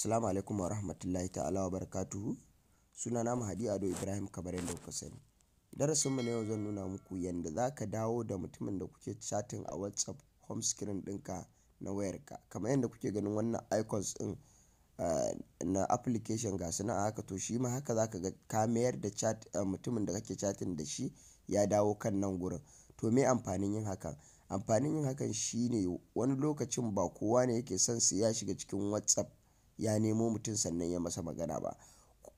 Assalamu alaikum wa rahmatullahi ta'ala wa barakatuhu. Sunana Mahadi Ado Ibrahim kamar da kuka sani. Darasin mu na yau zan nuna muku yadda za ka dawo da mutumin da kuke chatting a WhatsApp home screen ɗinka na wayarka. Kamar yadda kuke ganin wannan icons ɗin eh, na application ga su a haka to shi ma haka za ka ga ka mayar da chat uh, mutumin da kake chatting da shi ya dawo kan nan gurin. To me amfanin yin hakan? Amfanin yin hakan shine wani lokacin ba kowa ne yake son sai ya shiga cikin WhatsApp ya nemo mutum sannan ya masa magana ba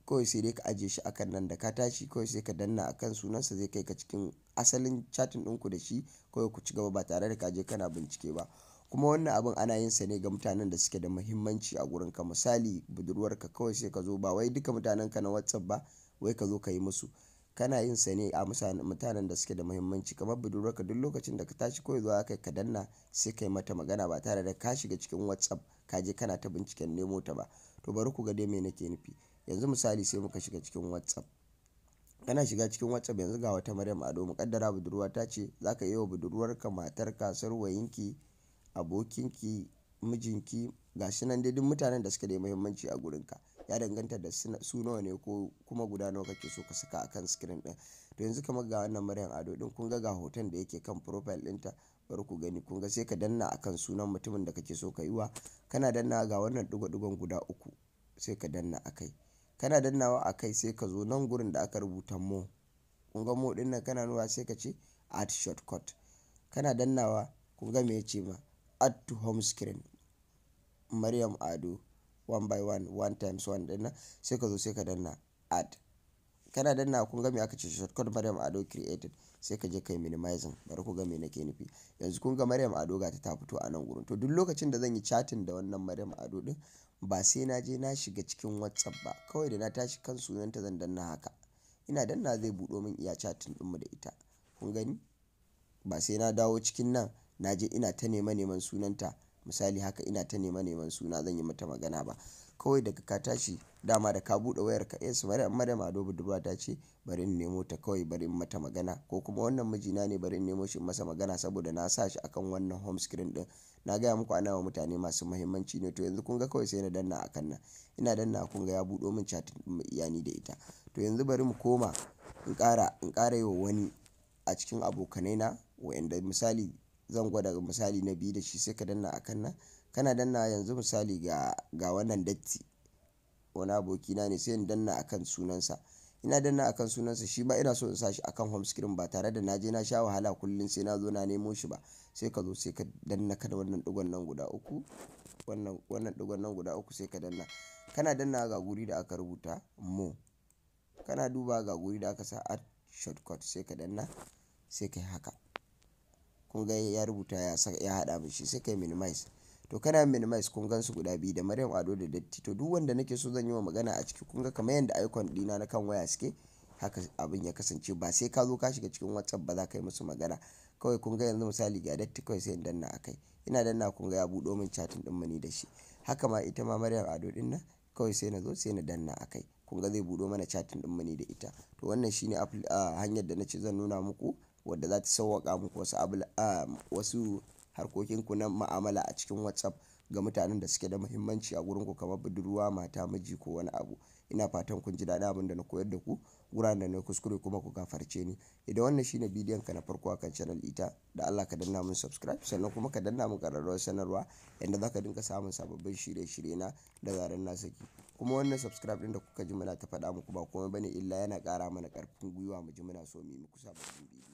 kawai sai dai ka ajiye shi akan nan da ka tashi kawai sai ka danna akan sunansa zai kai ka cikin asalin chatin ɗinku da shi kawai ku ci gaba ba tare da ka je kana bincike ba kuma wannan abin ana yin sa ne ga mutanen da suke da muhimmanci a gurin ka misali budurwarka kawai sai ka zo ba wai duka mutanen ka na whatsapp ba wai ka zo ka yi musu kana yin sa ne a mutanen da suke da muhimmanci kamar budurwarka duk lokacin da ka tashi ko zuwa kai ka danna sai kai mata magana ba tare da ka shiga cikin whatsapp ka je kana ta binciken nemo ta ba to bari ku ga dai me nake nufi yanzu misali sai muka shiga cikin whatsapp kana shiga cikin whatsapp yanzu ga wata maryam ado mukaddara budurwa ta ce zaka yi wa budurwarka matarka sarwayinki abokinki mijinki gashi nan dai duk mutanen da suke da muhimmanci a gurin ka. ya danganta da su nawa ne ko kuma guda nawa kake so ka saka akan screen din to yanzu kamar ga wannan maryam ado din kun ga ga hoton da yake kan profile ɗinta bari ku gani kun ga sai ka danna akan sunan mutumin da kake so ka yi wa kana danna ga wannan digo-digon guda uku sai ka danna akai kana dannawa akai sai ka zo nan gurin da aka rubuta mo kun ga mo din nan kana nuna sai ka ce add shortcut kana dannawa kun ga me ya ce ma add to home screen maryam ado one by one one times one dinnan sai ka zo sai ka danna add kana danna kun ga me aka ce shortcut Maryam Ado created sai ka je kai minimizing bari ku ga me nake nufi yanzu kun ga Maryam Ado ga ta fito a nan gurin to duk lokacin da zan yi chatting da wannan Maryam Ado din ba sai na je na shiga cikin WhatsApp ba kawai da na tashi kan sunanta zan danna haka ina danna zai buɗo min iya chatting mu da ita kun gani ba sai na dawo cikin nan na je ina ta nema neman sunanta misali haka ina ta nema neman suna zan yi mata magana ba kawai daga ka tashi dama da ka buɗe wayarka yes eh, Maryam Maryam Ado ta ce bari in nemo ta kawai bari in mata magana ko kuma wannan mijina ne bari in nemo shi masa magana saboda na sa shi akan wannan home screen din na gaya muku ana wa mutane masu muhimmanci ne to yanzu kun ga kawai sai na danna akan nan ina danna kun ga ya buɗo min chat iyani da ita to yanzu bari mu koma in kara in kara yi wa wani a cikin abokanai na wa'anda misali zan gwada misali na biyu da shi sai ka danna a kan nan kana danna yanzu misali ga ga wannan datti wani abokina ne sai in danna akan sunansa ina danna akan sunansa shi ma ina so in sa shi akan home screen ba tare da na je na sha wahala kullum sai na zo na nemo shi ba sai ka zo sai ka danna kada wannan digon nan guda uku wannan wannan digon nan guda uku sai ka danna kana danna ga guri da aka rubuta mo kana duba ga guri da aka sa art shortcut sai ka danna sai kai haka kun ga ya rubuta ya hada min shi sai kai minimize to kana minimize kun gan su guda biyu da Maryam Ado da Datti to duk wanda nake so zan yi wa magana a ciki kun ga kamar yadda icon dina na kan waya suke haka abin ya kasance ba sai ka zo ka shiga cikin WhatsApp ba za ka yi musu magana kawai kun ga yanzu misali ga Datti kawai sai in danna a kai ina danna kun ga ya buɗo min chatin din mani da shi haka ma ita ma Maryam Ado din nan kawai sai na zo sai na danna akai kun ga zai buɗo mana chatin din mani da ita to wannan shine ah, hanyar da na ce zan nuna muku wadda za ta sauwaka muku wasu abu ah, wasu harkokinku na ma'amala a cikin WhatsApp ga mutanen da suke da muhimmanci a gurin ku kamar budurwa mata miji ko wani abu ina fatan kun ji daɗin abin da na koyar da ku wuraren da na kuskure kuma ku gafarce ni idan wannan shine bidiyon ka na farko a kan channel ita da Allah ka danna mun subscribe sannan kuma ka danna mun kararrawar sanarwa yadda za ka dinka samun sababbin shirye-shirye na da zaren na saki kuma wannan subscribe din da kuka ji muna ta faɗa muku ba komai bane illa yana ƙara mana ƙarfin gwiwa mu ji muna so mu yi muku sababbin bidiyo